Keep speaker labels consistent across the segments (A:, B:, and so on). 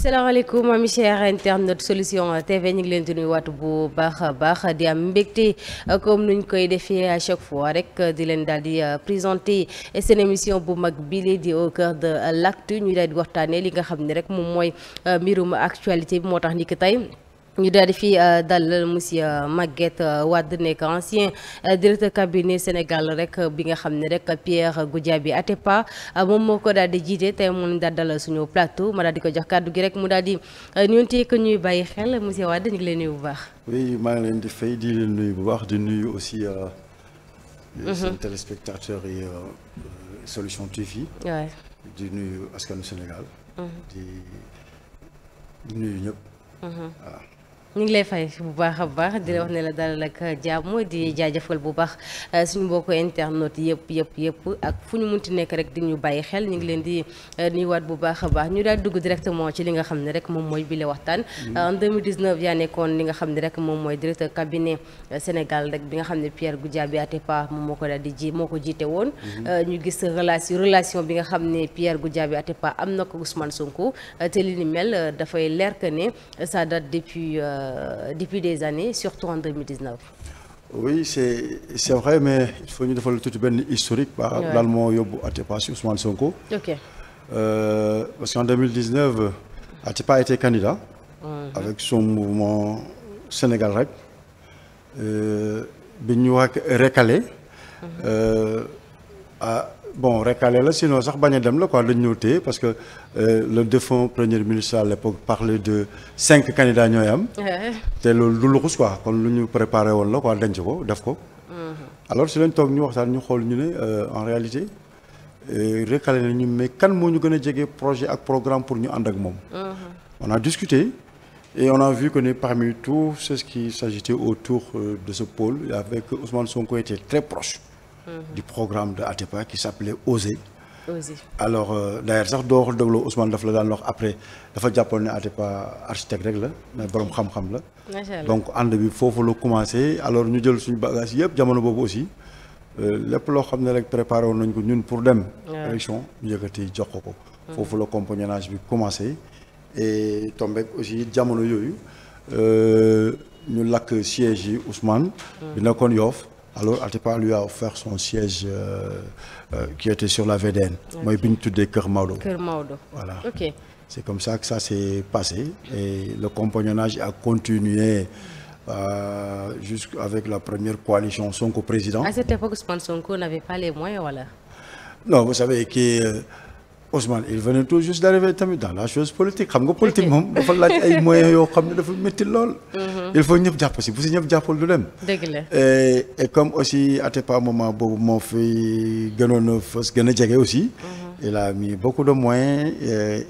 A: salaamaaleykum mi cher internet solution TV ñu ngi leen di nuyuwaat bu baax a baax di am mbégte comme nuñ koy defee à chaque fois rek di leen daal di euh, présenter seen émission bu mag bii di au cœur de l'actu ñu daal di waxtaanee li nga xam ne rek moom mooy euh, mbirum actualité moo tax ni tey. ñu daal di fi euh, dalal monsieur euh, Maguette euh, Wade nekk ancien directeur cabinet Sénégal rek bi nga xam ne rek Pierre Goudiaby Atepa moom moo ko daal di jiite tey mu daal dalal suñu plateau ma daal di ko jox kàddu gi rek mu daal di nuyonte ñuy bàyyi xel monsieur Wade ñu ngi nuyu bu baax.
B: oui maa ngi leen di fay di leen nuyu bu baax di nuyu aussi. Mhm. seen téléspectateurs yi Solution TV. waay di nuyu askanu Sénégal. Mhm. di nuyu ñëpp.
A: Mhm. ñu ngi lay fay bu baax a baax di la wax ne la dalal ak jàmm di jaajëfal bu baax euh, suñu mbokku internet yëpp yëpp yëpp ak fu ñu munti nekk rek di ñu bàyyi xel ñu ngi leen di euh, nuyuwaat bu baax a baax ñu daal dugg directement ci li nga xam ne rek moom mooy bile waxtaan. Mm-hmm. Euh, en 2019 yaa nekkoon li nga xam ne rek moom mooy directeur cabinet Sénégal rek bi nga xam ne Pierre Goudiaby Atepa moom moo ko daal di ji moo ko jiite woon. Mm-hmm. ñu gis relation relation bi nga xam ne Pierre Goudiaby Atepa am na ko Ousmane Sonko te li ni mel dafay leer que ne ça date depuis. Euh, depuis des années surtout en 2019
B: oui c'est c'est vrai mais il faut ñu defal tuuti benn historique ba daal moo yóbbu Atepa si Ousmane Sonko ok euh, parce qu'en 2019 Atepa était candidat mhm. avec son mouvement Sénégal rek euh, bi ñu wax récalé mhm. euh, ah bon recalé la sinon sax bañ a dem la quoi dañ ñëw téye parce que euh, le défunt premier ministre à l'époque parlait de cinq candidats ñooy am. te loolu du luxus quoi kon lu ñu préparé woon la quoi denc ko def ko.
A: Mm-hmm.
B: alors si lañ toog ñu waxtaan ñu xool ñu ne euh, en réalité na euh, nañu mais kan moo ñu gën a jege projet ak programme pour ñu ànd ak moom. Mm-hmm. on a discuté. Et on a vu que ne parmi tout ceux qui s'agitaient autour euh, de ce pôle, il y avait que Ousmane très proche. Mhm. du programme de Atepa qui s'appelait Oser. Oser. alors euh, d'ailleurs sax doo wax dégloo Ousmane daf la daan wax après dafa jàppoon ne Atepa architecte rek la mais borom xam-xam la. donc ànd bi foofu la commencé alors ñu jël suñu bagage yëpp jamono boobu aussi. Euh, lépp loo xam ne rek préparé woon nañ ko ñun pour dem. élection ñu yëkkati jox ko ko. Mhm. foofu la compagnonnage bi commencé. et tombé aussi jamono yooyu euh, ñu lakk siège yi Ousmane. Mhm. bi nekkoon Yoff alors Atepa lui a offert son siège euh, euh, qui était sur la VDN. mooy bi ñu tuddee Kër Maodo. Kër
A: Maodo voilà ok.
B: c'est comme ça que ça s'est passé et le compagnonnage a continué euh, jusqu'avec la première coalition Sonko président. À cette
A: époque Ousmane Sonko n'avait pas les moyens voilà.
B: Non, vous savez que Ousmane il venait tout juste d'arriver tamit dans la chose politique xam nga politique moom dafa laaj ay mhm. la et comme aussi Atepa moment boobu moo fi gënoon a fës gën a jege aussi. Mhm. il a mis beaucoup de moyens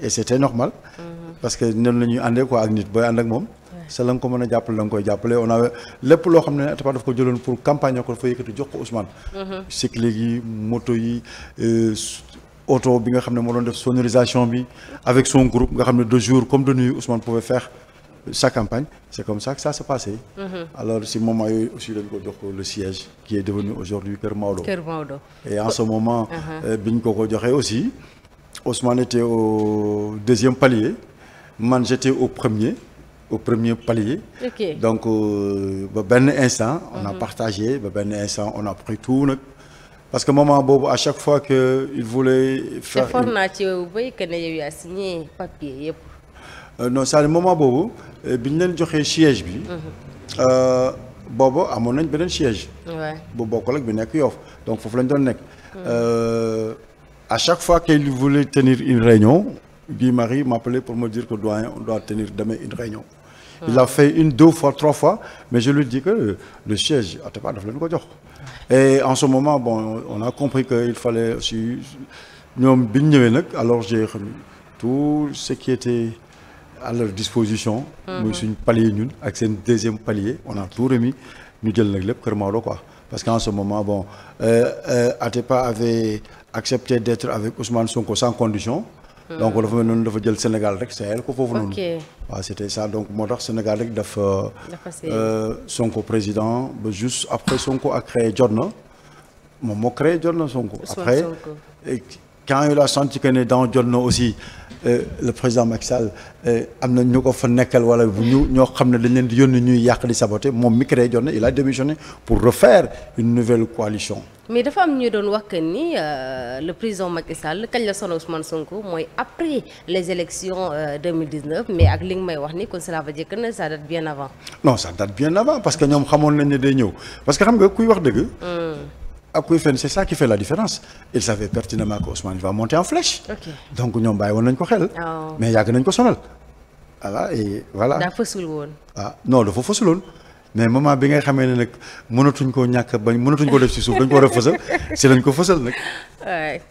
B: et c'était normal. Mhm. parce que noonu la àndee quoi ak nit booy ànd ak moom. sa la ko mën a jàppale la nga koy jàppale on a lépp loo xam ne Atepa daf ko jëloon pour campagne ko dafa yëkkati jox ko Ousmane. cyclique yi moto yi. Euh, auto bi nga xam ne moo doon def sonorisation bi avec son groupe nga xam ne de jour comme de nuit Ousmane pouvait faire sa campagne c'est comme ça que ça s'est passé. Mm -hmm. alors si moment yooyu aussi dañ ko jox ko le siège qui est devenu aujourd'hui Kër Maodo. Kër Maodo et en ce moment. Uh-huh. Euh, bi ñu ko ko joxee aussi Ousmane était au deuxième palier man j'étais au premier. au premier palier. donc euh, ba benn instant. on a mm-hmm. partagé ba benn instant on a pris tout nag. parce que moment boobu à chaque fois que il voulait faire te for
A: naa ci yow bay que yaa signé papier yëpp.
B: Euh, non c'est-à-dire moment boobu euh, bi ñu leen joxee siège bi. Mhm. Euh, boobu amoon nañ beneen siège. bu bokk ak bi nekk Yoff donc foofu lañ doon nekk. Mhm. à chaque fois qu'il voulait tenir une réunion Guy Marie m'appelait pour me dire que doyen on doit tenir demain une réunion. il l'a fait une deux fois trois fois mais je lui dis que le siège Atepa daf leen ko jox et en ce moment bon on a compris que il fallait si ñoom bi ñu ñëwee nag alors j'ai tout ce qui était à leur disposition mm-hmm. muy suñ palier ñun ak seen deuxième palier on a tout remis ñu jël nag lépp Kër Maodo parce qu'en ce moment bon euh, euh, Atepa avait accepté d'être avec Ousmane Sonko sans condition Euh, donc dafa mel noonu dafa jël Sénégal rek Sahel ko foofu noonu. waaw c'était ça donc moo tax Sénégal rek euh, dafa. Euh, Sonko président ba juste après Sonko a jot na moom moo jot na Sonko. après. quand il a senti que ne dans jot na aussi euh, le président Macky euh, am na ñu ko fa nekkal wala bu ñu ñoo xam ne dañ leen di yónni ñuy yàq di saboter moom mi créé jot na il a démissionné pour refaire une nouvelle coalition.
A: mais dafa am ñu doon wax que ni euh, le président Macky Sall kañ la sonn Ousmane Sonko mooy après les élections 2019 mais ak li nga may wax ni kon cela veut dire que ça date bien avant.
B: non ça bien avant parce que xamoon nañ ne day ñëw parce que xam nga kuy wax dëgg. Hmm. ak kuy fenn c'est ça qui fait la différence il savait pertinemment que Ousmane va monter en flèche. Okay. donc ñoom bàyyi woon nañ ko xel. Oh. mais yàgg nañ ko sonal. voilà et voilà. daa fësul woon. ah non dafa fësul mais moment bi ngay xamee ne nag mënatuñ koo ñàkk bañ mënatuñ koo def ci suuf dañ ko war a fësal si lañ ko fësal nag.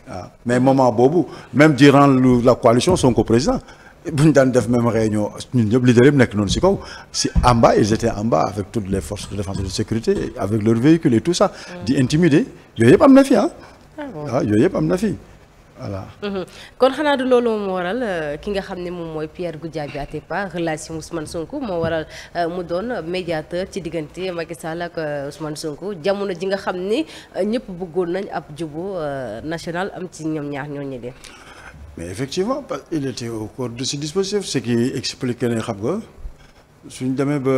B: Ah, mais moment boobu même durant la coalition Sonko président. bu ñu daan def même réunion ñun ñëpp leader yëpp nekk noonu si kaw si en bas ils étaient en avec toutes les forces de défense et de sécurité avec leurs véhicules et tout ça. di intimider yooyu yëpp am na fi ah.
A: waaw ah ah, yooyu yëpp am na fi voilà. Mhm. kon xanaa du loolu moo waral euh, ki nga xam ne moom mooy Pierre Goudiaby Atepa relation man Sonko moo waral euh, mu doon médiateur ci diggante Macky Sall ak euh, Ousmane Sonko jamono ji nga xam ni ñëpp bëggoon nañ ab jubóo national am ci ñoom ñaar ñooñu de.
B: mais effectivement il était au cœur de ce dispositif ce qui explique ne xam nga suñ demee ba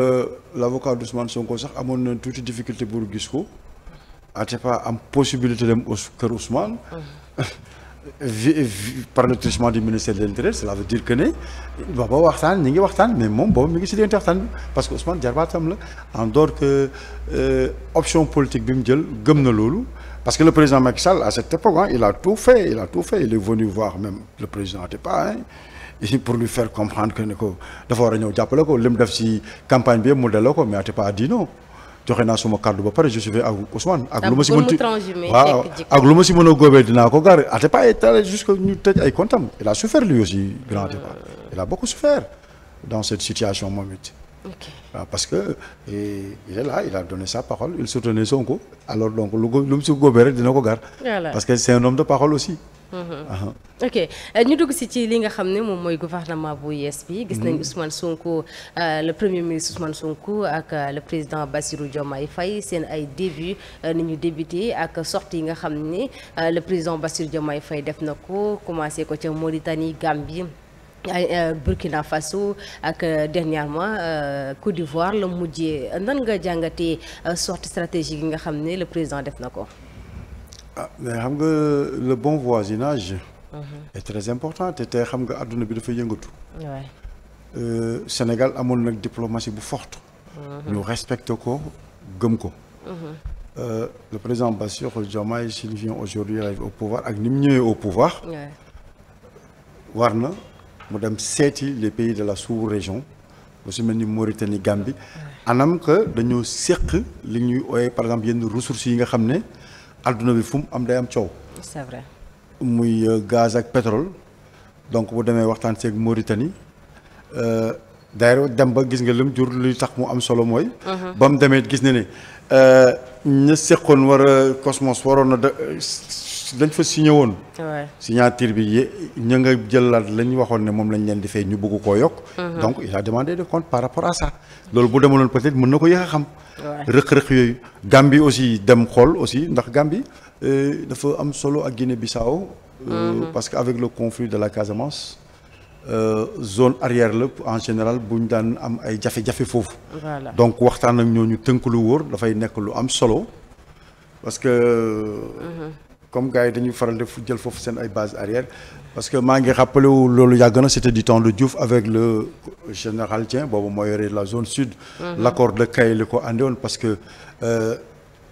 B: l' avocat d'Ousmane Sonko sax amoon na tuuti difficulté pour gis ko Atepa am possibilité dem au kër Ousmane. par le truchement du ministère de l'intérieur cela veut dire que ne ba ba waxtaan ñi ngi waxtaan mais moom boobu mi ngi si diggante waxtaan bi parce que Ousmane jarbaatam la en dehors que euh, option politique bi mu jël gëm na loolu. Parce que le président Macky Sall, à cette époque, hein, il a tout fait, il est venu voir même le président Atepa hein, et pour lui faire comprendre que dafa war a ñëw jàppale ko li mu def si campagne bi yëpp mu delloo ko mais Atepa a dit non joxe naa suma kàddu ba pare je suis ak ak lu ma si mënti
A: waaw ak lu ma si
B: mën a góobee dinaa ko gar Atepa est allé jusque ñu tëj ay comptam il a souffert lui aussi grand Atepa il a beaucoup souffert dans cette situation moom it. waaw ah, parce que il est là il a donné sa parole il soutenait Sonko alors donc lu lu mu si góobee rek dina ko gar parce que c'est un homme de parole aussi mhm. ah.
A: ok euh, ñu dugg si ci li nga xam ne moom mooy gouvernement bu yees bi gis nañ mhm. Ousmane Sonko euh, le premier ministre Ousmane Sonko ak euh, le président Bassirou Diomaye fay seen ay début ni ñu débuté ak sortie yi nga xam ne le président Bassirou Diomaye fay def na ko commencé ko ca Mauritanie Gambie Euh, Burkina Faso ak euh, dernièrement euh, Côte d'Ivoire la mujjee nan nga jàngatee sortie stratégique yi nga xam ne le président def na ko.
B: ah mais xam nga le bon voisinage. Mhm. est très important te xam nga àdduna bi dafa yëngatu. Sénégal amoon nag diplomatie bu forte. Mhm. ñu respecté ko gëm ko. Mhm. le président Bassirou Diomaye s'il vient aujourd'hui au pouvoir ak ni mu ñëwee au pouvoir. war na. mu dem seeti les pays de la sous-région lu si mel ni Mauritanie Gambie anam que dañoo séq li ñuy ooyee par exemple yenn ressources yi nga xam ne adduna bi fu mu am day am coow. c'est vrai. muy euh, gaz ak pétrole donc bu demee waxtaan seeg Mauritanie euh, d'ailleurs dem ba gis nga lim jur luy tax mu am solo mooy. Uh-huh. ba mu demee gis na ne euh, ña séqoon war a Cosmos waroon lañ fa signé woon. signature bi ña nga jëlaat lañ waxoon ne moom lañ leen di fay ñu buggu koo yokk. Mhm. donc il a demandé des comptes par rapport à loolu bu demaloon peut-être mën na ko yéex a xam. rëq-rëq yooyu. Gambie aussi dem xool aussi ndax Gambie euh, dafa am solo ak Guinée-Bissau. Euh, mhm. parce que avec le conflit de la Casamance. Euh, zone arrière la en général bu ñu daan am ay jafe-jafe foofu. Voilà. donc waxtaan ak ñooñu tënk lu wóor dafay nekk lu am solo parce que. Mhm. comme gars yi dañuy faral def jël foofu seen ay base arrière parce que maa ngi rappelé loolu yàgg na c'était du temps de Diouf avec le général Dieng boobu moo yore la zone sud. Mhm. l'accord de Kay li ko andi woon parce que euh,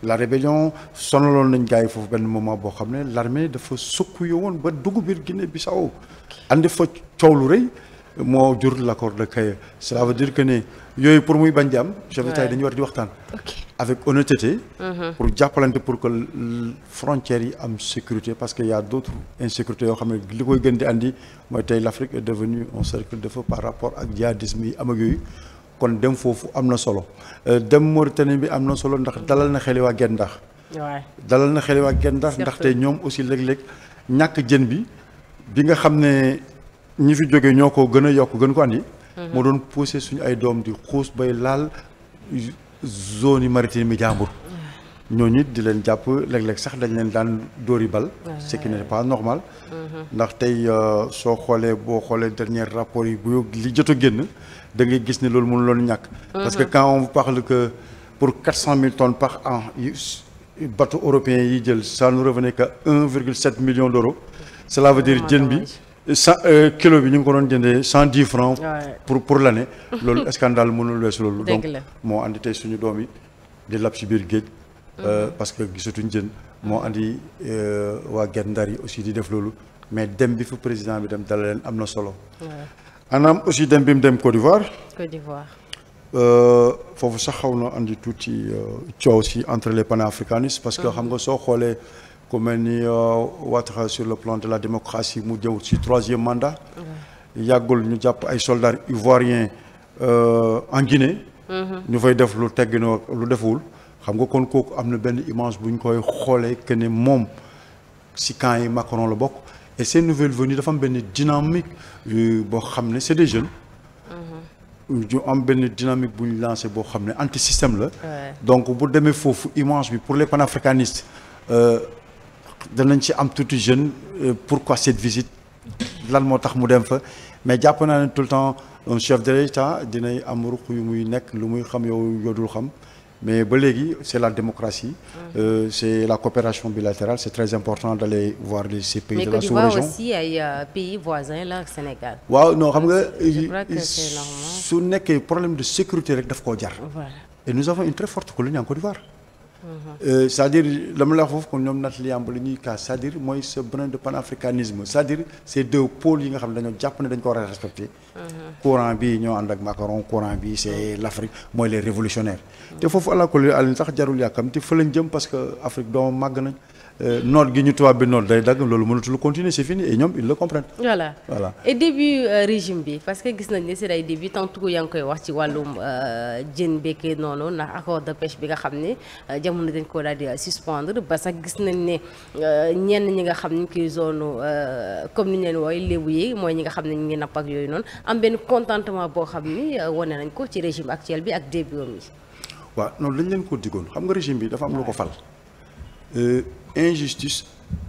B: la rébellion sonaloon nañ gars foofu benn moment boo xam ne l'armée dafa sukkuyo woon ba dugg biir Guinée-Bissau andi fa coow lu rëy moo jur l'accord de Kay cela veut dire que ne. yooyu pour muy bañ di am chef dañuy war di waxtaan avec honnêteté mhm. pour jàppalante pour que frontières yi am sécurité parce que y a d'autres insécurités yoo xam ne li koy gën di andi mooy tey l'Afrique est devenue un cercle de feu par rapport ak djihadisme yi am ak kon dem foofu am na solo euh, dem Mauritanie bi am na solo ndax dalal na xeli waa Guet Ndar dalal na xeli waa Guet ndax ndaxte ñoom aussi léeg-léeg ñàkk jën bi bi nga xam ne ñi fi jóge ñoo ko gën a yokk gën ko andi Mhm. moo doon poussé suñu ay doom di xuus bay laal zone yi maritime yi jàmbur ñooñu it di leen jàpp léeg-léeg sax dañ leen daan dóori bal ce qui n'est pas normal mhm. ndax tey euh, soo xoolee boo xoolee dernier rapport yi bu li jot a génn da ngay gis ne loolu mënu loon ñàkk parce que mhm. quand on parle que pour quatre cent mille tonnes par an bateau européen yi jël ça nous revenait que un virgule sept million d'euros cela veut oh, jën bi cent euh, kilo bi ñu ngi ko doon jëndee cent dix francs pour pour l'année loolu scandale mënul weesu loolu donc moo andi tey suñu doom yi di lab si biir géej euh, mhm. parce que gisatuñ jën moo andi euh, waa Guet Ndar yi aussi di def loolu mais dem bi fu président bi dem dala leen am na solo anaam aussi dem bi mu dem Côte d'Ivoire foofu sax xaw na andi tuuti coow si entre les panafricanistes parce que mhm. xam nga soo xoolee ku mel ni euh, Ouattara sur le plan de la démocratie mu jëw si troisième mandat yàggul ñu jàpp ay soldats ivoiriens euh, en Guinée mm-hmm. ñu fay def lu tegginoo lu deful xam nga kon kooku am na benn image bu ñu koy xoolee que ne moom si camp yi Macron la bokk et nouvelle nouvelles venues dafa benn dynamique boo xam ne c'est des jeunes ñu mm-hmm. am benn dynamique buñu ñu lancé boo xam ne anti système la donc bu demee foofu image bi pour les panafricanistes euh, danañ ci am tuuti jeune euh, pourquoi cette visite lan moo tax mu dem fa mais jàpp naa ne tout le temps un chef de l'État dinay am ruq yu muy nekk lu muy xam yow yodul xam mais ba léegi c'est la démocratie mm. euh, c'est la coopération bilatérale c'est très important d'aller voir les ces pays mais de la sous-région
A: mais que Sénégal waaw non xam
B: nga su nekkee problème de sécurité rek daf koo jar et nous avons une très forte colonie en Côte Euh, c'est-à-dire la la wax foofu kon ñoom Nathalie Yamb li ñuy kaas cest dire mooy ce brin de panafricanisme c'est-à-dire ces deux pôles yi nga xam ne dañoo jàpp ne dañ ko war a respecter
A: uh-huh.
B: courant bi ñoo ànd ak Macron courant bi c'est l'Afrique mooy les révolutionnaires te foofu àlakulli àlin sax jarul yàkkamti fa lañ jëm parce que Afrique doomam màgg nañ Euh, noot gi ñu tubaab bi noot day dagg loolu mënatul continuer c'est fini et ñoom ils le comprennent. voilà
A: voilà et euh, régime bi parce que gis nañ ne si day début tantôt yaa ngi koy wax ci wàllum euh, jën bekkee noonu ndax accord de pêche bi nga xam ne jamono dañ koo daal di suspendre ba sax gis nañ ne ñenn ñi nga xam ne kii zone comme ni ñu leen wooy lébu yi mooy ñi nga xam ne ñu ngi napp ak yooyu noonu am benn contentement boo xam ni wane nañ ko ci régime actuel bi ak
B: début am yi. waaw noonu lañ leen ko diggoon xam nga régime bi dafa lu ko fal. Euh, injustice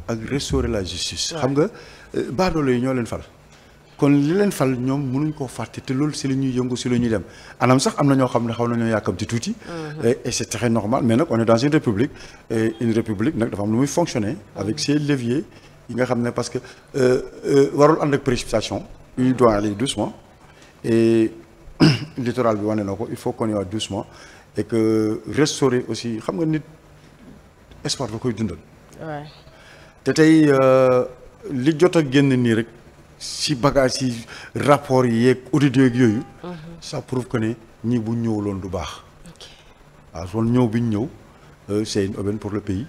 B: ak restaurer la justice. xam nga euh, baadoolo yi ñoo leen fal. kon li leen fal ñoom mënuñ koo fàtte te loolu si la ñuy yëngu si lu ñuy dem anam sax am na ñoo xam ne xaw na ñoo yàkkamti tuuti. Mhm. et c' est très normal mais nag on est dans une république. et une république nag dafa am lu muy fonctionner. avec mhm. ses leviers yi nga xam ne parce que euh, warul ànd ak précipitation. il mhm. doit aller doucement et littoral bi wane na ko il faut qu'on y va doucement et que restaurer aussi xam nga nit. espoir da koy dundal. te tey euh, li jot a génn nii rek si bagage yi rapport yi yeeg audit yeeg yooyu. Mhm. ça prouve que ne ñii bu ñëwuloon du baax. waaw ah, loolu ñëw bi ñu ñëw euh, c'est une pour le pays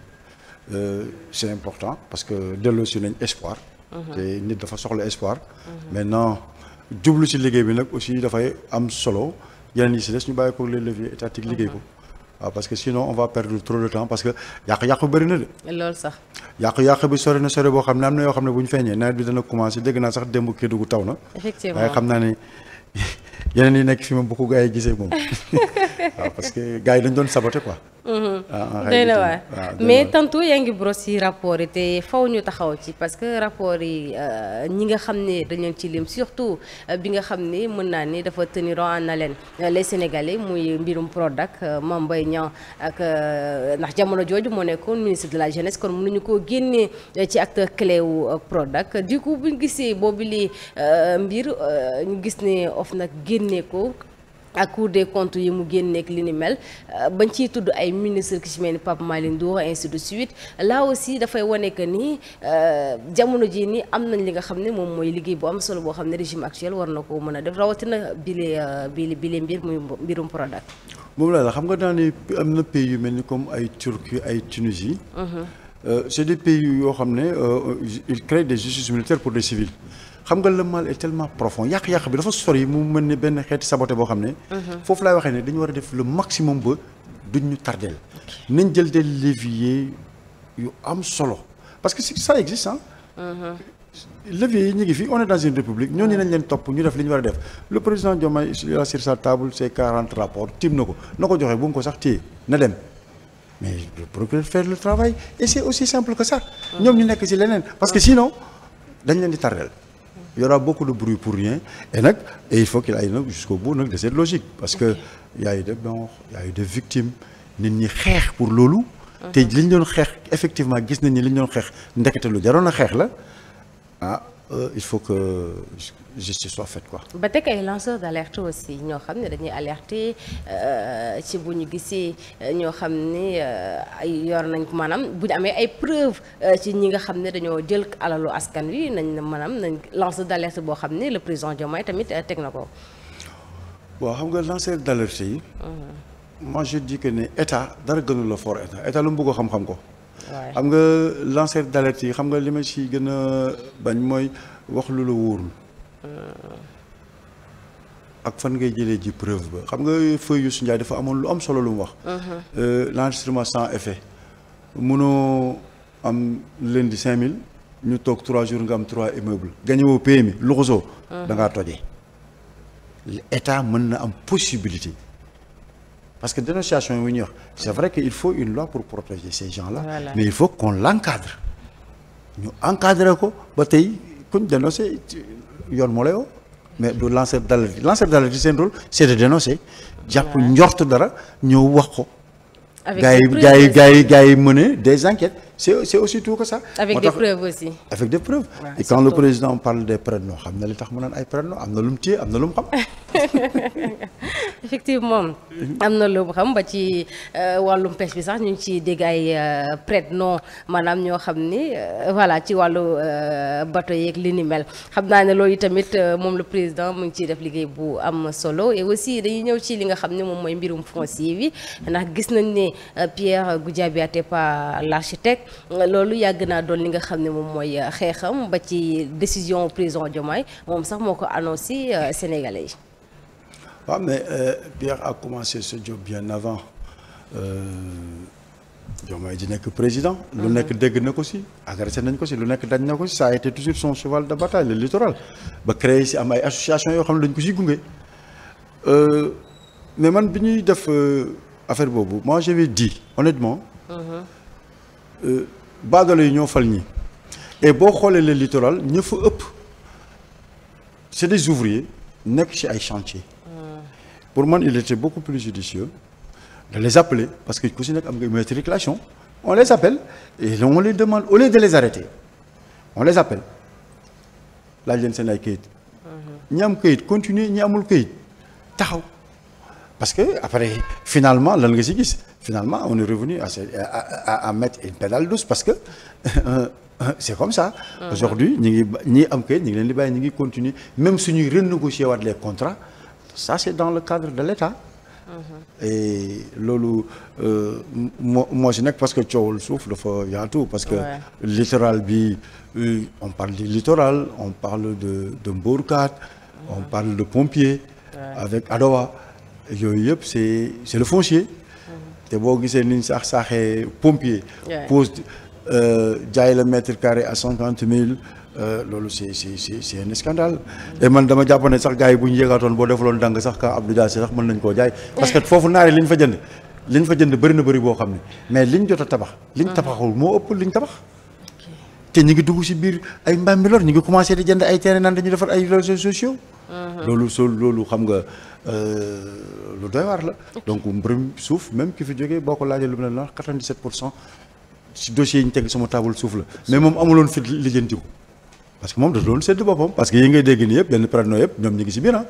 B: euh, c'est important parce que si nañ espoir. Mhm. te nit dafa soxla espoir. Mhm. maintenant jublu si liggéey bi nag aussi dafay am solo yeneen yi si des ñu bàyyi ko les leviers étatiques liggéey ko. waaw ah, parce que sinon on va perdre trop de temps parce que yàq-yàq bëri na de. loolu sax. yàq-yàq bi sore na sore boo xam ne am na yoo xam ne bu ñu feeñee nawet bi dana commencé dégg naa sax démb kii dugg taw na. waaye xam naa ne yeneen yi nekk fi moom bu ko gaa yi gisee moom waaw parce que gaa yi dañ doon saboté quoi. Mm-hmm. doy na waay mais
A: tantôt yaa ngi brosse ci rapport yi te faw ñu taxaw ci parce que rapport yi euh, ñi nga xam ne dañ leen ci lim surtout euh, bi nga xam ne mën naa ni dafa tenir na leen euh, les sénégalais muy mbirum Prodac Mame Mbaye Niang ak ndax jamono jooju moo nekkoon ministre de la jeunesse kon mënuñu koo génnee ci acteur clé wu Prodac du coup buñ gisee boobu li mbir ñu gis ne of nag génnee ko ak Cour des comptes yi mu génneeg li ni mel euh, bañ ciy tudd ay ministre ki ci mel ni Pape Malick Ndour ainsi de suite là aussi dafay wone que ni euh, jamono jii nii am nañ li nga xam ne moom mooy liggéey bu am solo boo xam ne régime actuel war na ko mën a def rawatina bile euh, bile bile mbir muy mbirum Prodac.
B: moom laa la xam nga daan am na pays yu mel ni comme ay Turquie ay Tunisie. Mhm. c'est des pays yoo xam ne ils créent de justices militaires pour les civils. xam nga le mal est profond yàq-yàq bi dafa sori mu mel ni benn xeeti saboté boo xam ne. Mhm. foofu laay waxee ne dañu war a def le maximum ba duñ ñu tardeel nañ jël des leviers yu am solo parce que si ça existe ah. yi ñu ngi fii on est dans une république ñooñu nañ leen topp ñu def li ñu war a def le président Diomaye il a sur sa table ses quarante rapports tiim na ko na ko joxe bu mu ko sax téye na dem mais le procureur faire le travail et c'est aussi mhm. ñoom ñu nekk ci leneen parce que sinon dañ leen di tardel il y aura beaucoup de bruit pour rien et nag et il faut qu'il aille nag jusqu'au bout nag de cette logique parce que il y a eu des morts il nit ñi xeex pour loolu te li ñu doon xeex effectivement gis nañ ni li ñu doon xeex ndekete lu jaroon a xeex la ah euh, il faut que justice soit faite quoi.
A: ba teg ay lanceur d' alerte aussi ñoo xam ne dañuy alerter euh, ci bu ñu gisee euh, ñoo xam ne euh, ay yor nañ ko maanaam bu ñu amee ay preuve ci ñi nga xam ne dañoo jël alalu askan wi nañ maanaam nañ lanceur d' alerte boo xam ne le président Diomaye tamit teg na ko.
B: waaw xam nga lanceur d' alerte yi. moi je dis que ne état dara gënu la état état lu mu bëgg xam-xam ko. xam nga lanceur d'alerte yi xam nga li si gën a bañ mooy wax lu la wóorul. Euh. ak fan ngay jëlee ji preuve ba xam nga feuille Youssou Ndiaye dafa amoon lu am solo lu mu wax. Uh-huh. Euh, l'enregistrement sans effet mënoo am leen di lundi 5000 ñu toog trois jours nga am 3 immeubles gagné woo PMI luxusoo. Uh-huh. da tojee. état mën na am possibilité. parce que dénonciation yi ñuy wax c'est vrai que il faut une loi pour protéger ces gens-là mais il faut qu'on l'encadre ñu encadre ko ba tey kuñ dénoncer yoon moo lay mais du lanceur d'alerte lanceur d'alerte seen rôle c'est de dénoncer jàpp njort dara ñëw wax ko gaa yi gaa yi gaa yi des enquêtes c'est c'est aussi tout que ça. avec des preuves aussi. avec des preuves. Ouais, et quand le président parle des prénoms xam na li tax mu naan ay prénoms am na lu mu am na lu xam.
A: effectivement am na lu mu xam ba ci euh, wàllum pêche bi sax ñu ngi ciy dégg ay euh, prénoms maanaam ñoo xam ni euh, voilà ci wàllu bateau yeeg li ni mel xam naa ne loolu tamit moom le président mu ngi ciy def liggéey bu am solo et aussi dañuy ñëw ci li nga xam ne moom mooy mbirum foncier bi ndax gis nañ ne Pierre Goudiaby Atepa l'architecte loolu yàgg naa doon li nga xam ne moom mooy euh, xeexam ba ci décision président jomaay moom sax moo ko annoncé euh, Sénégalais yi.
B: waaw mais euh, Pierre a commencé ce job bien avant Diomaye di nekk président. lu mhm. nekk dégg na ko si agressé nañ ko si lu nekk dañ na ko si ça a été toujours son cheval de bataille le littoral ba créé si am ay association yoo xam ne dañ ko si gunge mais man bi ñuy def affaire boobu moi je vais dire Euh, baadoolo yi ñoo fal ñi et boo xoolee le littoral ña fa ëpp c'est des ouvriers nekk ci ay chantiers. Mm. pour man il était beaucoup plus judicieux de les appeler parce que ku si nekk am nga immatriculation on les appelle et on les demande au lieu de les laaj leen seen ay kayit. Mm-hmm. ñi am kayit continuer ñi amul kayit taxaw parce que après finalement lan nga si gis. finalement on est revenu à, à, à mettre une pédale douce parce que euh, euh, c'est comme ça. Mhm. aujourd'hui ñu ngi ñi am kay ñu ngi leen di bàyyi ñu ngi continuer même suñuy renégocier waat les contrats ça c'est dans le cadre de l'État. Mhm. et loolu euh, moo moo nekk parce que coowul suuf dafa yaatu. parce que littoral bi on parle on parle de de Mbourkat. de pompier. avec Adowa yooyu yëpp c'est c'est le foncier. te boo gisee ni ñu sax saaxee pompier. pose euh, jaay la mètre carré a cinquante mille. Euh, loolu si c'est c'est c'est un scandale et man dama jàpp ne sax gars yi bu ñu yëgaatoon boo defaloon dang sax ka Abdou sax mën nañ koo jaay. parce que foofu naare li ñu fa jënd li ñu fa jënd bëri na bëri boo xam ne mais liñ jot a tabax. liñ tabaxul moo ëpp liñ tabax. te ñu ngi dugg si biir ay Mbambilor ñu ngi commencé di jënd ay terrain naan dañu defar ay réseaux sociaux. Mhm. loolu so loolu xam nga euh, lu doy waar la. donc mbirum suuf même ki fi jógee boo ko laajee lu mu ne la 97 pour cent ci dossier ñu teg sama table suuf la mais moom amuloon fit lijjanti ko parce que moom da doon sédd boppam parce que yi ngay dégg nii yëpp benn prénom yëpp ñoom ñu ngi ci biir ah.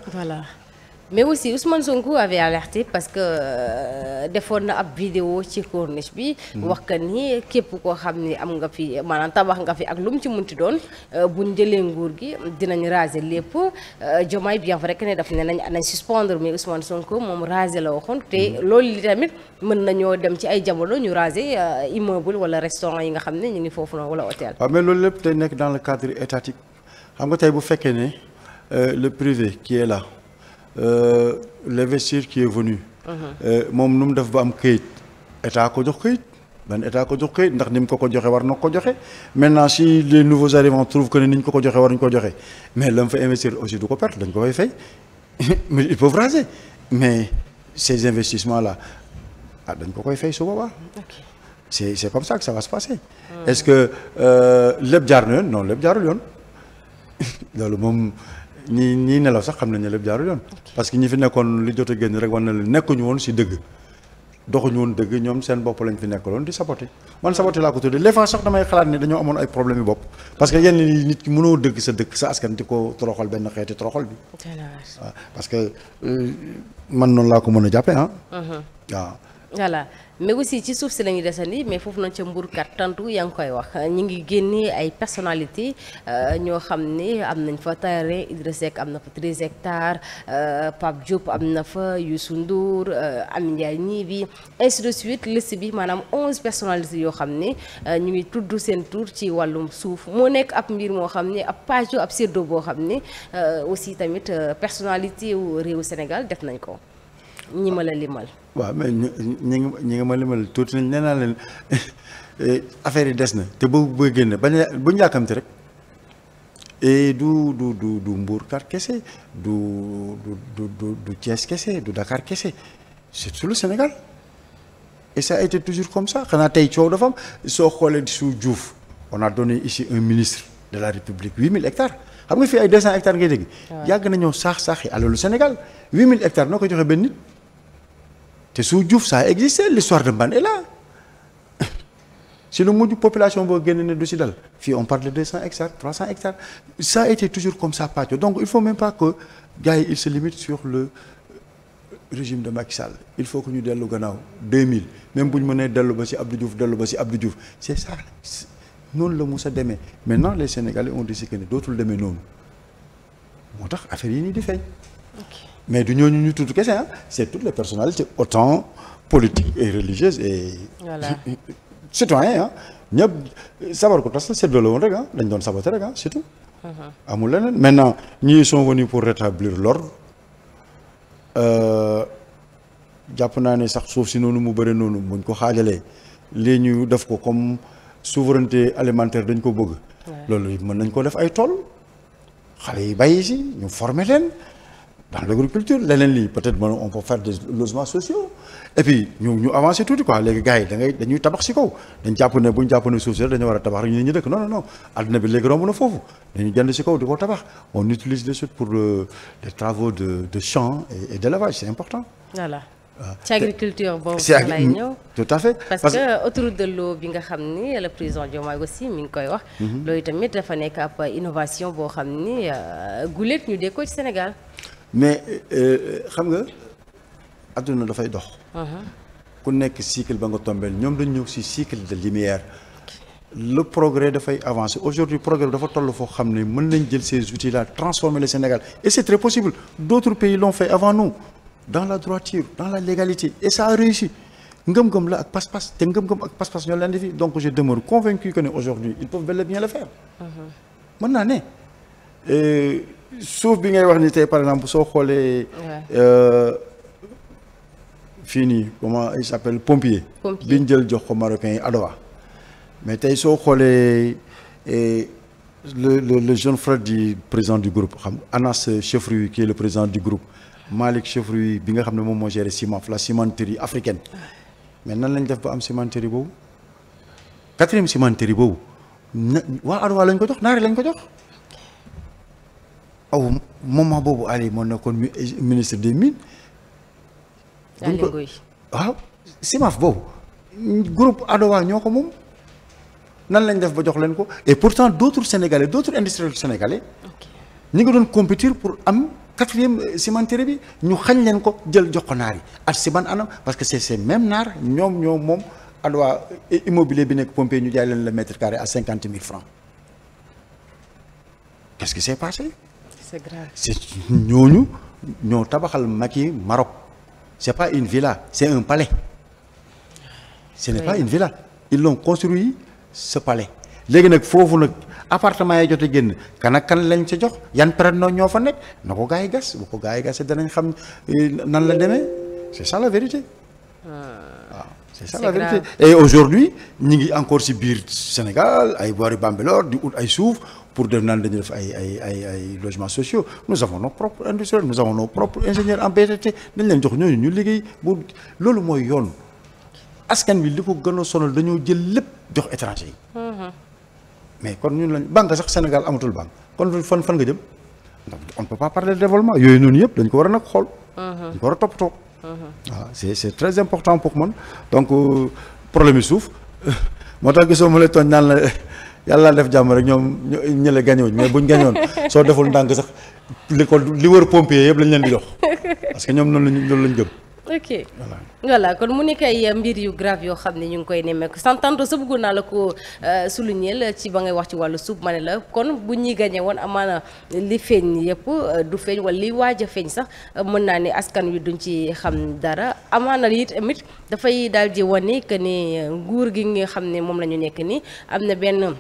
A: mais aussi Ousmane Sonko avait alerté parce que euh, defoon na ab vidéo ci corniche bi. Hmm. wax que ni képp koo xam ni am nga fi maanaam tabax nga fi ak lu mu ci munti doon euh, buñ jëlee nguur gi dinañ raser lépp euh, Diomaye bien vrai que ne daf ne nañ nañ suspendre mais Ousmane Sonko moom raser la waxoon te hmm. lool li tamit mën nañoo dem ci ay jamono ñu raser immeuble wala restaurant yi nga xam ne ñu ngi foofu noonu wala hôtel.
B: waaw mais loolu lépp tey nekk dans le cadre étatique xam nga bu fekkee ne le privé qui est Euh, l'investisseur qui est venu. Euh, moom nu mu def ba am këyit état ko jox këyit ban état ko jox këyit ndax ni ko ko joxe war na ko joxe maintenant si les nouveaux arrivants trouvent que ne ni ñu ko ko joxe war nañu ko joxe mais la mu fa investir aussi du ko perte dañ ko fay fay mais ils peuvent raser mais ces investissements là ah, dañ ko koy fay su boobaa. c'est c'est comme ça que ça va se passer. est-ce que euh, lépp jaar na yoon non lépp jaarul yoon loolu moom. ñi ñii nelaw sax xam nañ ne lépp jaarul yoon parce ñi fi nekkoon li jot a génn rek war na la nekkuñu woon si dëgg doxuñu woon dëgg ñoom seen bopp lañ fi nekkaloon di saboté man saboté laa ko tuddee les fois sax damay xalaat ne dañoo amoon ay problème bopp parce yenn nit mënoo dëgg sa dëkk sa askan di ko toroxal benn xeeti toroxal bi waaw parce que euh, man noonu laa ko mën a jàppe ah mm-hmm. waaw
A: voilà mais aussi ci suuf si la ñuy desandi mais foofu noonu ca mburkat tantu yaa ngi koy wax ñi ngi génne ay personnalité euh, ñoo xam ni am nañ fa terrain Idrissa Seck am na fa 13 hectares euh, Pape Diop am na fa Youssou Ndour euh, Amy Ndiaye ñii bi ainsi de suite liste bi maanaam 11 personnalités yoo xam ni ñu ngi tudd seen tur ci wàllum suuf moo nekk ab mbir moo xam ne ab page ab séddoo boo xam ne aussi tamit personnalité wu réewu Sénégal def nañ ko. ñi ma la limal.
B: waaw mais ñu ñi ñi ma limal tuuti nañ nee leen affaire yi des na te bu bu génne bañ bu ñu yàkkamti rek et eh, du du du du Mbourkat kese du du du du du Thiès kese du Dakar kese c'est tout le Sénégal et ça a été toujours comme ça xanaa tey coow dafa soo xoolee su Diouf on a donné ici un ministre de la République huit mille hectares. xam nga fi ay deux cent ngay dégg. yàgg nañoo saax saax yi alalu Sénégal huit mille hectare noo koy joxe benn nit. te sous Diouf saa existait l'histoire de Mbane est là si lu mujj population boo génne ne du si dal fii on parle de deux cent hectares trois cent hectares ça été toujours comme ça Pathio donc il faut même pas que gars yi il se limite sur le régime de Macky Sall il faut que ñu dellu gannaaw 2000 même bu ñu mënee dellu ba si Abdou Diouf dellu ba si Abdou Diouf c'est ça noonu la musa demee maintenant les Sénégalais ont décidé que ne dootul demee noonu moo tax affaire yi nii di feeñ. mais du ñooñu ñu tudd kese ah c'est toutes les personnalités autant politiques et religieuses et. voilà citoyens ah ñëpp sabar ko tas la seddoo la woon rek ah dañ doon saboté rek ah amul leneen maintenant ñii sont venus pour rétablir l'ordre euh, jàpp naa ne sax suuf si noonu mu bëri noonu buñ ko xaajalee lii ñu def ko comme souverainté alimentaire dañ ko bëgg. loolu mën nañ koo def ay tool xale yi bàyyi si ñu former leen. dans l'agriculture leneen lii peut-être mën on peut faire des logements sociaux et puis ñu ñu avancer tuuti quoi léegi gars yi da ngay dañuy tabax si kaw dañ jàpp ne bu ñu jàpp ne suuf dañu war a tabax rek ñu ne ñu dëkk non non non àdduna bi léegi romb na foofu dañu jënd si kaw di ko tabax on utilise de suite pour des euh, travaux de de champs et d'élevage c'est important. voilà ah, ci
A: agriculture boobu. si lay ñëw mm,
B: tout à fait. parce que
A: autoroute de l'eau bi nga xam ni le président Diomaye aussi ngi koy wax. Mm-hmm. loolu tamit dafa nekk ab innovation boo xam ni euh, guléet ñu dégg ko ci Sénégal.
B: mais euh, xam nga adduna dafay dox. Uh-huh. ku nekk cycle ba nga tombeel ñoom dañ si ci cycle de lumière. le progrès dafay avancer aujourd'hui progrès dafa toll foo xam ne mën nañ jël ces outils là transformer le Sénégal et c'est très possible d'autres pays l'ont fait avant nous dans la droiture dans la légalité et ça réussi ngëm-ngëm la ak pas-pas te ngëm-ngëm ak pas-pas ñoo leen di fi donc je demeure convaincu que ne aujourd'hui ils peuvent bel bien le faire
A: uh-huh.
B: mën naa ne suuf bi ngay wax ni tey par exemple soo xoolee. Euh, fii nii comment il s'appelle pompier. pompier bi ñu jël jox ko marocain yi Adowa. mais tey soo xoolee eh, le le le jeune frère du président du groupe xam Anas Chefrui qui est le président du groupe Malick Chefrui bi nga xam ne moom moo géré CIMAF la cimenterie africaine. mais nan lañ def ba am cimenterie boobu quatrième cimenterie boobu na Adowa lañ ko jox naari lañ ko jox. aw moment boobu Ali moo nekkoon ministre des mines. Aliou Ngoy waaw Simaf boobu groupe Adowa ñoo ko moom nan lañ def ba jox leen ko et pourtant d' autres sénégalais d' autres industriels sénégalais. ñi doon compétir pour am quatrième euh, cimenterie bi ñu xañ leen ko jël jox ko naar yi at si ban anam parce que c' est même naar ñoom ñoo moom Adowa euh, immobilier bi nekk Pompé ñu jaay leen le mètre carré à cinquante mille francs qu'est-ce qui s'est c'est grave c'est ñooñu ñoo tabaxal yi Maroc c'est pas une villa c'est un palais ce pas une villa ils l'ont construit ce palais léegi nag foofu nag appartement yi jot a génn kan ak kan lañ ca jox yan période noonu ñoo fa nekk na ko gars yi gas bu ko gars gas gasee danañ xam eh, nan la demee c'est ça la vérité euh, waaw c'est ça la vérité aujourd'hui ñi ngi encore si biir Sénégal ay boori Bambilor di ut ay suuf pour def naan dañu def ay ay ay ay logements sociaux nous avons nos propres industriels nous avons nos en BTT dañ leen jox ñooñu ñu liggéey bu loolu mooy yoon askan wi li ko gën a sonal dañoo jël lépp jox étranger yi. Mhm. mais kon ñun lañ banque sax Sénégal amatul banque kon fan fan nga jëm donc on ne peut pas parler de yooyu noonu yëpp dañ ko war a nag xool. Mhm. dañ ko war a toppatoo. waaw mhm. c'est très important pour man donc euh, problème yi suuf moo tax gisoo ma lay tooñ yàlla def jàmm rek ñoom ñële gañewuñ mais buñ gañoon soo deful ndànk sax li ko li war pompier yëpp lañ leen di jox parce ñoom noonu lañ loolu lañ
A: ok voilà kon mu nekk ay mbir yu grave yoo xam ne ñu ngi koy nemmeeku santante sa bëggoon naa la ko euh, souligner ci ba ngay wax ci wàllu suuf la kon bu ñuy gagné woon amaana li feeñ yëpp euh, du feeñ wala li waaj feeñ sax euh, mën naa ni askan wi duñ ci xam dara amaana yi tamit dafay daal di wane que ni nguur gi nga xam ne moom la ñu nekk nii am na benn.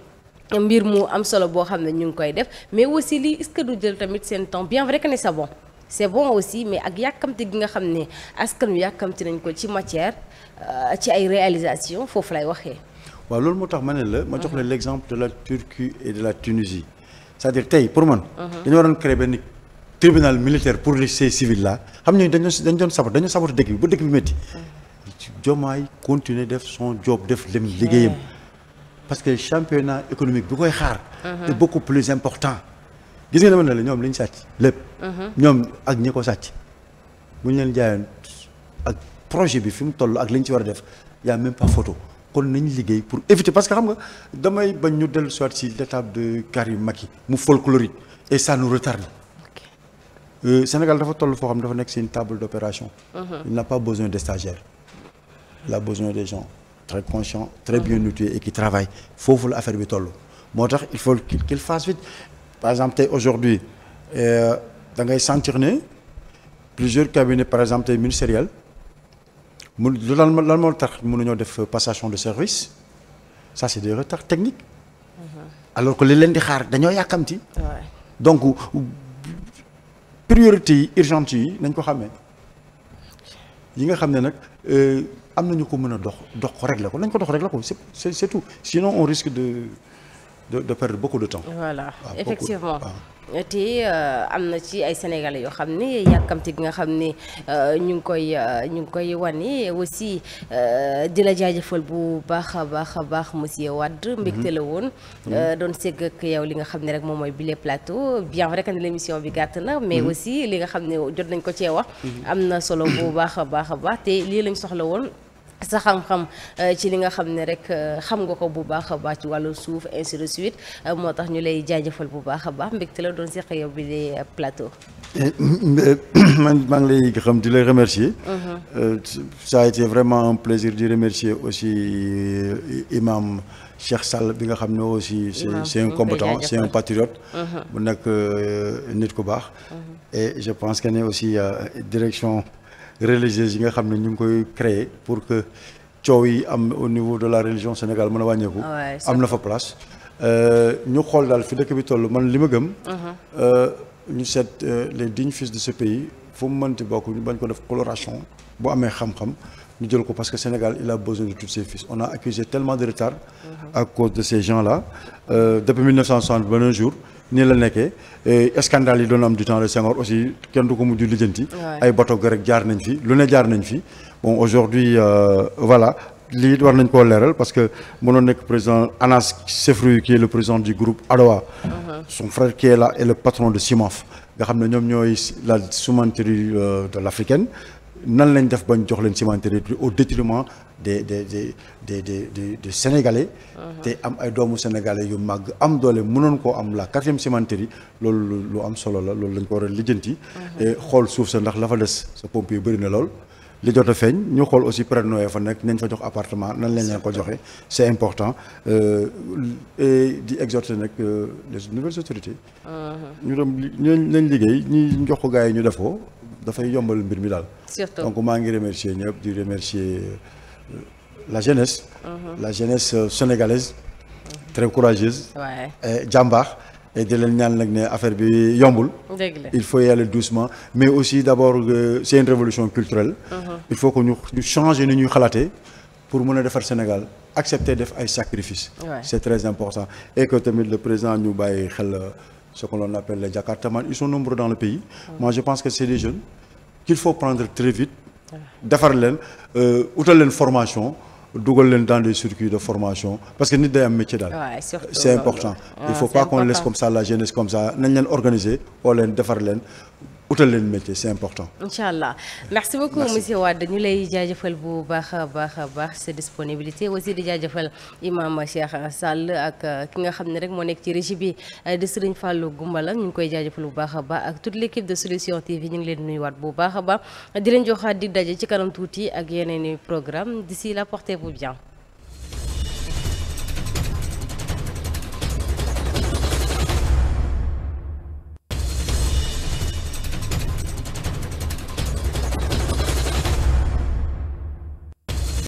A: mbir mu am solo boo xam ne ñu ngi koy def mais aussi lii est du jël tamit seen temps bien vrai que ne c'est bon c'est bon aussi mais ak yàkkamti gi nga xam ne askan wi yàkkamti nañ ko ci matière euh, ci ay réalisation foofu lay waxee.
B: waa loolu moo tax ma ne la. ma jox la l'exemple de la Turquie et de la Tunisie cest dire tey pour man. Mhm. dañu waroon créer benn tribunal militaire pour ces civils là xam ñooñu dañu dañu doon sabote dañu sabote dëkk bi ba dëkk bi métti. Diomaye mhm. continuer def son job def lem liggéeyam. parce que championnat économique bi koy xaar. Uh-huh. est beaucoup plus important. gis nga dama ne la ñoom li sàcc lépp. Uh-huh. ñoom ak ñi ko sàcc. bu ñu leen jaayoon ak projet bi fi mu toll ak li ñu ci war a def y' a même pas photo kon nañu liggéey pour éviter parce que xam nga damay bañ ñu dellu soit si l'étape de Karim Macky mu folklorique et ça nous retarde. Euh, Sénégal dafa toll foo xam dafa nekk si table d' opération. Uh-huh. il n'a pas besoin de stagiaires la a besoin des gens. très conscient très bien outillé et qui travaille foofu la affaire bi toll moo tax il faut qu'il fasse vite par exemple tey aujourd'hui euh, da ngay ne plusieurs cabinets par exemple tey ministériels mu lan lan moo tax mënuñoo def passation de service ça c'est de retards techniques
A: mm-hmm.
B: alors que li leen di xaar dañoo yàkkamti donc priorité yi urgente yi nañ ko xamee yi nga xam ne nag euh, am nañu ko mën a dox dox ko la ko nañ ko dox régler ko c'est c'est tout sinon on risque de de de perdre beaucoup de temps.
A: voilà ah, effectivement. Ah. te euh, am na ci ay sénégalais yoo xam ni yàkkamti gi nga xam ni euh, ñu ngi koy euh, ñu ngi koy wane aussi di la jaajëfal bu baax a baax a baax monsieur Wade. Mhm. mbégte la woon. Mhm. doon segg ak yow li nga xam ne rek moom mooy bile plateau bien vrai que ne l'émission bi gàtt na. mais mhm. aussi li nga xam ne jot nañ ko cee wax. am na solo bu baax a baax a baax te lii lañ soxla woon. sa xam-xam euh, ci li nga xam ne rek euh, xam nga ko bu baax a baax ci wàllu suuf si de suite euh, moo tax ñu lay jaajëfal bu baax a baax mbégte la doon seq yow bi di plateau.
B: Eh, man maa ngi lay xam di lay remercier. Mm-hmm. ça a été vraiment un plaisir di remercier aussi imam Cheikh Sall bi nga xam ne aussi. c'est c'est un combattant c'est un patriote. Mm-hmm. bu nekk nit ku baax. Mm-hmm. et je pense que ne aussi direction. religieuses yi nga xam ne ñu ngi koy créer pour que coow yi am au niveau de la religion Sénégal mën a wàññeeku. Ah am na fa place. Euh, ñu xool daal fi dëkk bi toll man li ma gëm. Mhm. Euh, ñu seet euh, les dignes fils de ce pays fu mu mënti bokk ñu bañ ko def coloration bu amee xam-xam. ñu jël ko parce que Sénégal il a besoin de tous ses fils on a accusé tellement de retard. Mhm. à cause de ces gens là. depuis nii la nekkee scandale yi doon am du temps de Senghor aussi kenn du ko mujj lijjanti. ay bato ga rek jaar nañ fi lu ne jaar nañ fi bon aujourd'hui euh, voilà. lii war nañ koo leeral parce que mënoon nekk président Anas Sefrou qui est le président du groupe Adowa uh-huh. son frère qui est le patron de Cimaf nga xam ne ñoom ñooy la cimenterie euh, de l'africaine nan lañ def bañ jox leen cimenterie au détriment des de des des des des, des sénégalais. Uh-huh. te am ay doomu sénégalais yu màgg am doole mënoon koo am la quatrième cimenterie loolu lu am solo la loolu lañ ko war a lijjanti. Uh-huh. xool suuf sa ndax la fa des sa pompe yu bëri na lool. li jot a feeñ ñu xool aussi préno fa nekk nañ fa jox apartement nan lañ leen ko joxe c'est important euh, et di exhorter nag euh, les nouvelles autorités.
A: Uh-huh.
B: ñu dem nañ liggéey ñi jox ko gars yi ñu def ko. dafay yombal mbir mi daal. surtout donc maa ngi remercier ñëpp di remercier euh, la jeunesse. Mhm. la jeunesse euh, sénégalaise. très courageuse. waay jàmbaar. et di leen ñaan nag ne affaire bi yombul. il faut y aller doucement mais aussi d' abord euh, c' est une révolution culturelle. Mhm. il faut que ñu ñu changer ni ñuy xalaatee pour mën a defar Sénégal accepter def ay sacrifices. c' est très important et que tamit le président ñu bàyyi xel. ce que l'on appelle les jakartaman ils sont nombreux dans le pays moi je pense que c'est des jeunes qu'il faut prendre très vite defar leen euh, utal leen formation dugal leen dans des circuits de formation parce que nit day am métier daal
A: c'est important il faut pas qu'on laisse comme ça
B: la jeunesse comme ça nañ leen organiser oo leen defar leen utal leen métier c'est important.
A: incha allah merci beaucoup si Wade dañu lay jaajëfal bu baax a baax a baax sa disponibilité aussi di jaajëfal imam Cheikh sàll ak euh, ki nga xam ne rek moo nekk ci régie bi euh, di Serigne Fallou la ñu ngi koy jaajëfal bu baax a baax ak toute l'équipe de Solution TV ñu ngi leen waat bu baax a baax di leen joxaat di daje ci kanam tuuti ak yeneen i programme di si là portez-vous bien.